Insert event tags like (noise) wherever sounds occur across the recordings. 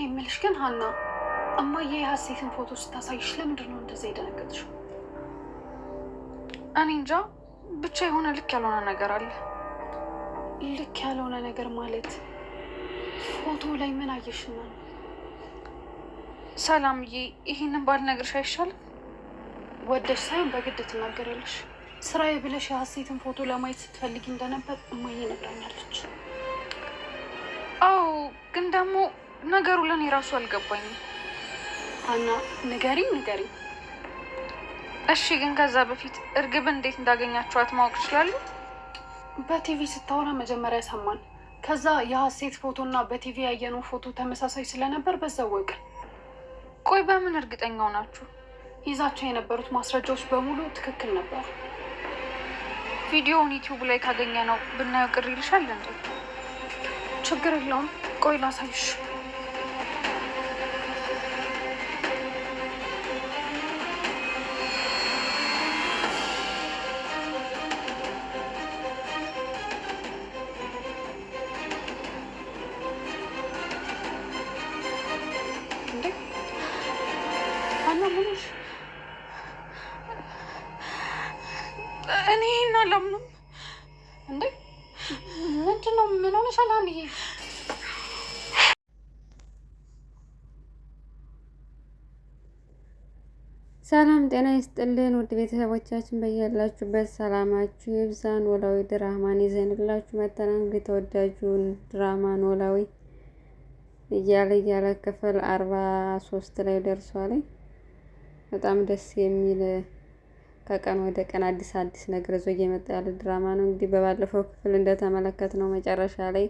እኔ የምልሽ ግን ሀና እማዬ የሀሴትን ፎቶ ስታሳይሽ ለምንድን ነው እንደዛ የደነገጥሽው? እኔ እንጃ ብቻ የሆነ ልክ ያልሆነ ነገር አለ። ልክ ያልሆነ ነገር ማለት ፎቶ ላይ ምን አየሽና ነው? ሰላምዬ ይህንን ባልነግርሽ አይሻልም? ወደሽ ሳይሆን በግድ ትናገሪያለሽ። ስራዬ ብለሽ የሀሴትን ፎቶ ለማየት ስትፈልጊ እንደነበር እማዬ ነግራኛለች። አዎ ግን ደግሞ ነገሩ ለእኔ ራሱ አልገባኝም። አና ንገሪኝ ንገሪኝ። እሺ፣ ግን ከዛ በፊት እርግብ እንዴት እንዳገኛችኋት ማወቅ ይችላሉ? በቲቪ ስታወራ መጀመሪያ ሰማን። ከዛ የሀሴት ፎቶና በቲቪ ያየነው ፎቶ ተመሳሳይ ስለነበር በዛው ወቅ። ቆይ በምን እርግጠኛው ናችሁ? ይዛቸው የነበሩት ማስረጃዎች በሙሉ ትክክል ነበር። ቪዲዮውን ዩቲዩብ ላይ ካገኘ ነው ብናየው ቅር ይልሻል እንዴ? ችግር የለውም። ቆይ ላሳይሽ። እኔ ይሄን አላምንም። እንዴ ምንድን ነው? ምን ሆነሻል? አንዬ ሰላም ጤና ይስጥልን ውድ ቤተሰቦቻችን በያላችሁበት ሰላማችሁ ይብዛ። ኖላዊ ድራማን ይዘንላችሁ መተናል። እንግዲህ ተወዳጁን ድራማ ኖላዊ እያለ እያለ ክፍል አርባ ሶስት ላይ ደርሷል። በጣም ደስ የሚል ከቀን ወደ ቀን አዲስ አዲስ ነገር ይዞ እየመጣ ያለ ድራማ ነው። እንግዲህ በባለፈው ክፍል እንደተመለከት ነው መጨረሻ ላይ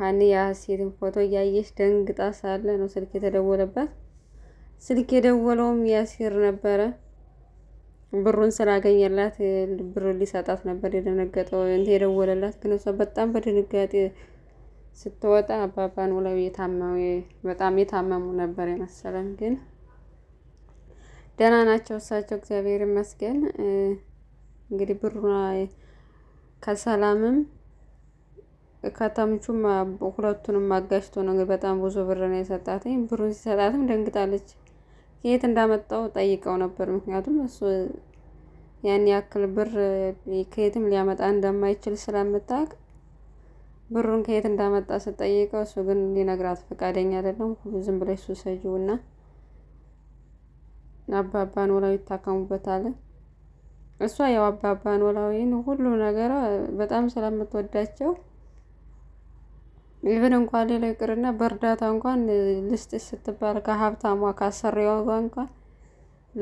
ሀኒ የሀሴትን ፎቶ እያየች ደንግጣ ሳለ ነው ስልክ የተደወለባት። ስልክ የደወለውም ያሲር ነበረ። ብሩን ስላገኘላት ብር ሊሰጣት ነበር የደነገጠው የደወለላት። ግን እሷ በጣም በድንጋጤ ስትወጣ አባባን ኖላዊ የታመሙ በጣም የታመሙ ነበር የመሰለን ግን ደህና ናቸው እሳቸው እግዚአብሔር ይመስገን። እንግዲህ ብሩና ከሰላምም ከተምቹም ሁለቱንም አጋጭቶ ነው እንግዲህ በጣም ብዙ ብር ነው የሰጣትኝ። ብሩን ሲሰጣትም ደንግጣለች። የት እንዳመጣው ጠይቀው ነበር። ምክንያቱም እሱ ያን ያክል ብር ከየትም ሊያመጣ እንደማይችል ስለምታውቅ ብሩን ከየት እንዳመጣ ስጠይቀው እሱ ግን ሊነግራት ፈቃደኛ አይደለም። ዝም ብለሽ ሱሰጂው እና አባባ ኖላዊ ይታከሙበታል። እሷ ያው አባባ ኖላዊን ሁሉ ነገር በጣም ስለምትወዳቸው ይህን እንኳን ሌላ ይቅርና በእርዳታ እንኳን ልስጥ ስትባል ከሀብታሟ ካሰሪዋ እንኳን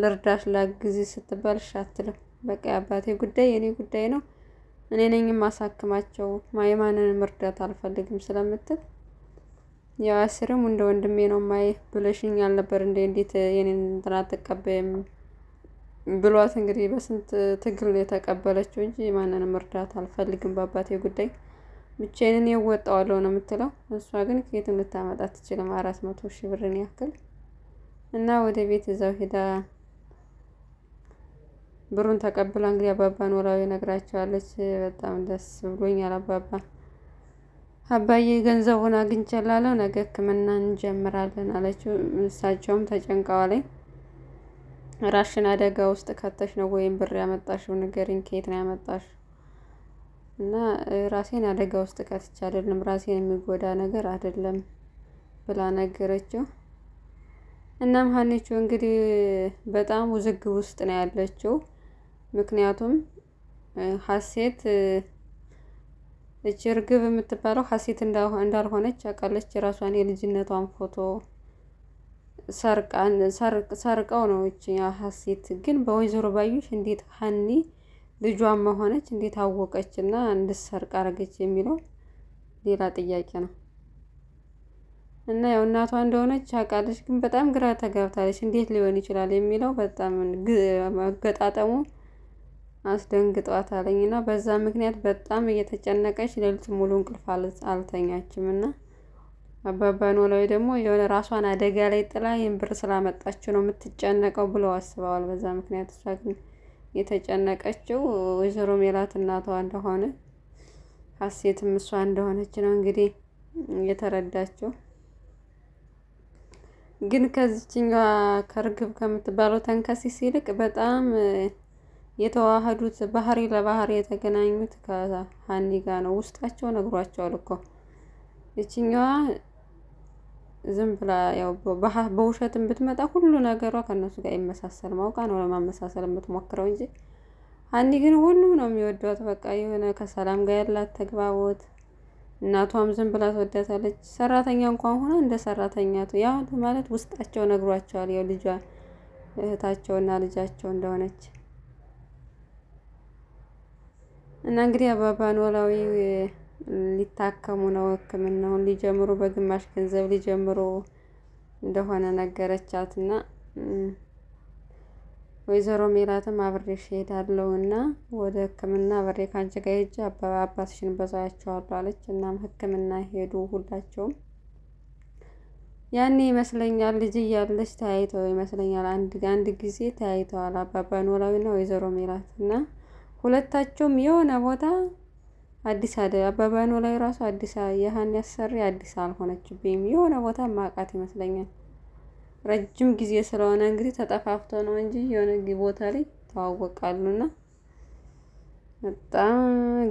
ልርዳሽ ላግዝ ስትባል ሻትልም። በቃ አባቴ ጉዳይ የኔ ጉዳይ ነው፣ እኔ ነኝ ማሳክማቸው፣ የማንንም እርዳታ አልፈልግም ስለምትል የአስርም እንደ ወንድሜ ነው ማይ ብለሽኝ አልነበር እንዴ እንዴት የኔን እንትና አትቀበይም ብሏት እንግዲህ በስንት ትግል የተቀበለችው እንጂ ማንንም እርዳታ አልፈልግም በአባቴ ጉዳይ ብቻዬን እወጣዋለሁ ነው የምትለው። እሷ ግን ከየት እንድታመጣ ትችልም አራት መቶ ሺህ ብርን ያክል እና ወደ ቤት እዛው ሄዳ ብሩን ተቀብላ እንግዲህ አባባን ኖላዊ ነግራቸዋለች። በጣም ደስ ብሎኛል አባባ አባዬ ገንዘቡን አግኝቼላለሁ ነገ ህክምና እንጀምራለን አለችው። እሳቸውም ተጨንቀዋል። ራሽን አደጋ ውስጥ ከተሽ ነው ወይም ብር ያመጣሽው ንገሪኝ፣ ከየት ነው ያመጣሽ? እና ራሴን አደጋ ውስጥ ከትቼ አይደለም ራሴን የሚጎዳ ነገር አይደለም ብላ ነገረችው። እናም ሀኒችው እንግዲህ በጣም ውዝግብ ውስጥ ነው ያለችው። ምክንያቱም ሀሴት እች እርግብ የምትባለው ሀሴት እንዳልሆነች አውቃለች። የራሷን የልጅነቷን ፎቶ ሰርቀው ነው። እች ሀሴት ግን በወይዘሮ ባዩሽ እንዴት ሀኒ ልጇን መሆነች እንዴት አወቀች እና እንድሰርቅ አረገች የሚለው ሌላ ጥያቄ ነው። እና ያው እናቷ እንደሆነች አውቃለች፣ ግን በጣም ግራ ተጋብታለች። እንዴት ሊሆን ይችላል የሚለው በጣም መገጣጠሙ አስደንግጧታለኝ እና በዛ ምክንያት በጣም እየተጨነቀች ሌሊት ሙሉ እንቅልፍ አልተኛችም እና አባባ ኖላዊ ደግሞ የሆነ ራሷን አደጋ ላይ ጥላ ይህን ብር ስላመጣችው ነው የምትጨነቀው ብለው አስበዋል። በዛ ምክንያት እሷ ግን የተጨነቀችው ወይዘሮ ሜላት እናቷ እንደሆነ ሀሴትም እሷ እንደሆነች ነው እንግዲህ እየተረዳችው። ግን ከዚችኛዋ ከርግብ ከምትባለው ተንከሲስ ይልቅ በጣም የተዋህዱት ባህሪ ለባህሪ የተገናኙት ከሀኒ ጋር ነው። ውስጣቸው ነግሯቸዋል እኮ ይችኛዋ ዝም ብላ ያው በውሸትም ብትመጣ ሁሉ ነገሯ ከእነሱ ጋር ይመሳሰል ማውቃ ነው ለማመሳሰል የምትሞክረው እንጂ ሀኒ ግን ሁሉም ነው የሚወዷት። በቃ የሆነ ከሰላም ጋር ያላት ተግባቦት እናቷም ዝም ብላ ትወዳታለች። ሰራተኛ እንኳን ሆና እንደ ሰራተኛ ያው ማለት ውስጣቸው ነግሯቸዋል። ያው ልጇ እህታቸውና ልጃቸው እንደሆነች እና እንግዲህ አባባ ኖላዊ ሊታከሙ ነው፣ ሕክምናውን ሊጀምሩ በግማሽ ገንዘብ ሊጀምሩ እንደሆነ ነገረቻት እና ወይዘሮ ሜላትም አብሬሽ እሄዳለሁ እና ወደ ሕክምና አብሬ ከአንቺ ጋር ሄጄ አባባ አባትሽን በዛያቸዋለሁ አለች። እናም ሕክምና ሄዱ ሁላቸውም። ያኔ ይመስለኛል ልጅ እያለች ተያይተው ይመስለኛል አንድ አንድ ጊዜ ተያይተዋል አባባ ኖላዊና ወይዘሮ ሜላት እና ሁለታቸውም የሆነ ቦታ አዲስ አደ አባባኖ ላይ ራሱ አዲስ የሀን ያሰሪ አዲስ አልሆነችብኝም። የሆነ ቦታ ማቃት ይመስለኛል። ረጅም ጊዜ ስለሆነ እንግዲህ ተጠፋፍቶ ነው እንጂ የሆነ ቦታ ላይ ተዋወቃሉና በጣም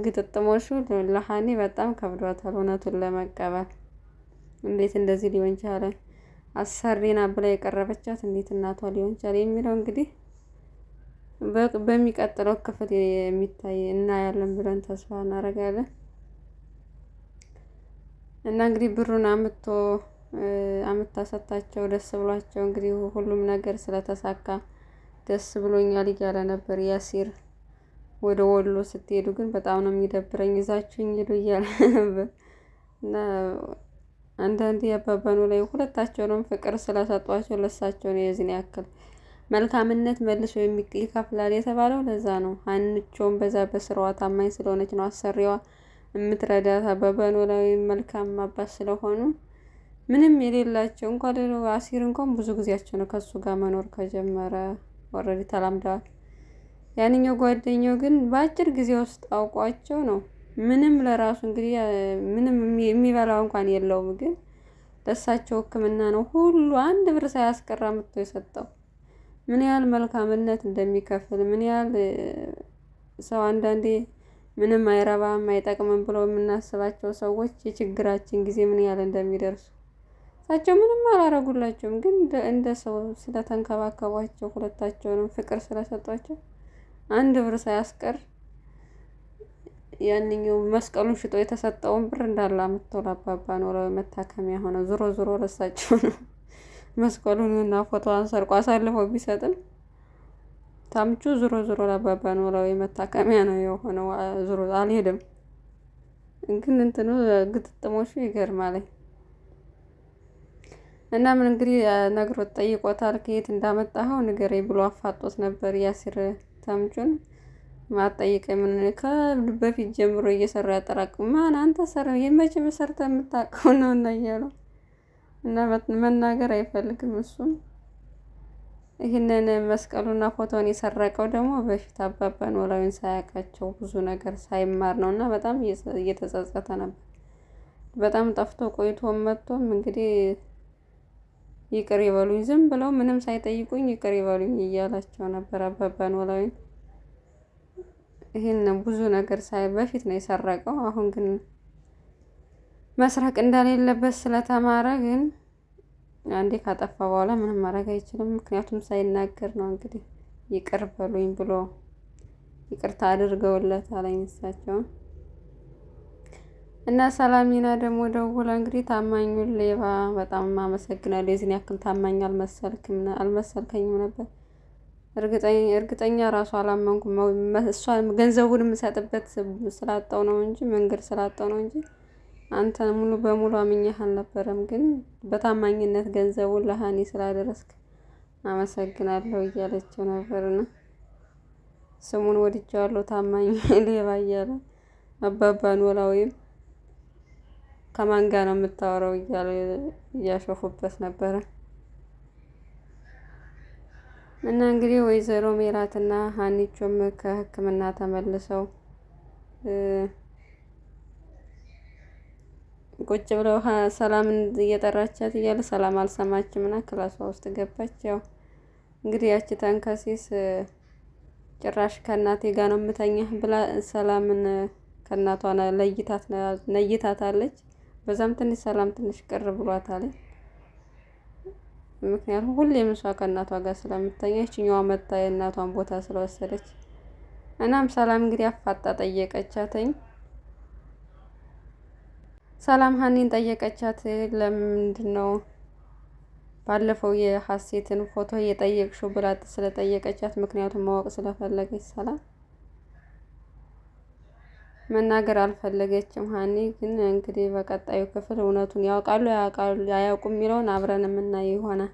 ግጥጥሞሹ ለሀኒ በጣም ከብዷታል። እውነቱን ለመቀበል እንዴት እንደዚህ ሊሆን ቻለ? አሰሪና ብላ የቀረበቻት እንዴት እናቷ ሊሆን ቻለ የሚለው እንግዲህ በሚቀጥለው ክፍል የሚታይ እናያለን ብለን ተስፋ እናደርጋለን። እና እንግዲህ ብሩን አምቶ አምታ ሰታቸው ደስ ብሏቸው እንግዲህ ሁሉም ነገር ስለተሳካ ደስ ብሎኛል እያለ ነበር ያሲር። ወደ ወሎ ስትሄዱ ግን በጣም ነው የሚደብረኝ ይዛችሁኝ ሄዱ እያለ ነበር እና አንዳንድ ያባባኑ ላይ ሁለታቸውንም ፍቅር ስለሰጧቸው ለሳቸው ነው የዚህን ያክል መልካምነት መልሶ ይከፍላል የተባለው ለዛ ነው። አንቾም በዛ በስራዋ ታማኝ ስለሆነች ነው። አሰሪዋ የምትረዳታ በበኖላዊ መልካም አባት ስለሆኑ ምንም የሌላቸው እንኳን አሲር እንኳን ብዙ ጊዜያቸው ነው ከሱ ጋር መኖር ከጀመረ ወረድ ተላምደዋል። ያንኛው ጓደኛው ግን በአጭር ጊዜ ውስጥ አውቋቸው ነው። ምንም ለራሱ እንግዲህ ምንም የሚበላው እንኳን የለውም፣ ግን ለእሳቸው ሕክምና ነው ሁሉ አንድ ብር ሳያስቀራ ምቶ የሰጠው። ምን ያህል መልካምነት እንደሚከፍል ምን ያህል ሰው አንዳንዴ ምንም አይረባም አይጠቅምም ብሎ የምናስባቸው ሰዎች የችግራችን ጊዜ ምን ያህል እንደሚደርሱ እሳቸው ምንም አላረጉላቸውም፣ ግን እንደ ሰው ስለተንከባከቧቸው ሁለታቸውንም ፍቅር ስለሰጧቸው አንድ ብር ሳያስቀር ያንኛው መስቀሉን ሽጦ የተሰጠውን ብር እንዳለ አምጥተው ለአባባ ነው ለመታከሚያ ሆነ። ዞሮ ዞሮ ለሳቸው ነው። መስቀሉንና ፎቶዋን ሰርቆ አሳልፎ ቢሰጥም ታምቹ ዞሮ ዞሮ ለአባባ ኖላዊ መታከሚያ ነው የሆነው። ዞሮ አልሄድም ግን እንትኑ ግጥጥሞቹ ይገርማል። እና ምን እንግዲህ ነግሮት ጠይቆታል። ከየት እንዳመጣኸው ንገረኝ ብሎ አፋጦት ነበር ያሲር ታምቹን ማጠይቀ ምን ከበፊት ጀምሮ እየሰራ ያጠራቅም ማን አንተ ሰራ የመቼም ሰርተ የምታውቀው ነው እና እያሉ እና መናገር አይፈልግም እሱም ይህንን መስቀሉና ፎቶውን የሰረቀው ደግሞ በፊት አባባ ኖላዊን ሳያውቃቸው ብዙ ነገር ሳይማር ነው እና በጣም እየተጸጸተ ነበር። በጣም ጠፍቶ ቆይቶ መጥቶም እንግዲህ ይቅር ይበሉኝ፣ ዝም ብለው ምንም ሳይጠይቁኝ ይቅር ይበሉኝ እያላቸው ነበር አባባ ኖላዊን። ይህን ብዙ ነገር ሳይ በፊት ነው የሰረቀው። አሁን ግን መስረቅ እንደሌለበት ስለተማረ ግን አንዴ ካጠፋ በኋላ ምንም ማድረግ አይችልም። ምክንያቱም ሳይናገር ነው እንግዲህ ይቅር በሉኝ ብሎ ይቅርታ አድርገውለታል እሳቸውን እና ሰላሚና ደግሞ ደውላ እንግዲህ ታማኙን ሌባ በጣም አመሰግናለሁ፣ የዚህን ያክል ታማኝ አልመሰልከኝም ነበር። እርግጠኛ ራሱ አላመንኩም። እሷ ገንዘቡን የምሰጥበት ስላጣው ነው እንጂ መንገድ ስላጣው ነው እንጂ አንተ ሙሉ በሙሉ አምኜህ አልነበረም፣ ግን በታማኝነት ገንዘቡን ለሀኒ ስላደረስክ አመሰግናለሁ እያለችው ነበርና ስሙን ወድጀዋለሁ ታማኝ (laughs) ሌባ እያለ አባባ ኖላዊም ከማን ጋር ነው የምታወራው እያለ እያሾፉበት ነበረ። እና እንግዲህ ወይዘሮ ሜላትና ሀኒቾም ከሕክምና ተመልሰው ቁጭ ብለው ሰላምን እየጠራቻት እያለ ሰላም አልሰማችም እና ክላሷ ውስጥ ገባች። ያው እንግዲህ ያቺ ተንከሴስ ጭራሽ ከእናቴ ጋር ነው የምተኛ ብላ ሰላምን ከእናቷ ነይታታለች። በዛም ትንሽ ሰላም ትንሽ ቅር ብሏታል። ምክንያቱም ሁሌም እሷ ከእናቷ ጋር ስለምተኛ ይችኛዋ መታ የእናቷን ቦታ ስለወሰደች እናም ሰላም እንግዲህ አፋጣ ጠየቀቻተኝ። ሰላም ሀኒን ጠየቀቻት። ለምንድን ነው ባለፈው የሀሴትን ፎቶ የጠየቅሽው ብላ ስለጠየቀቻት ምክንያቱም ማወቅ ስለፈለገች ሰላም መናገር አልፈለገችም። ሀኒ ግን እንግዲህ በቀጣዩ ክፍል እውነቱን ያውቃሉ አያውቁም የሚለውን አብረን የምናየው ይሆናል።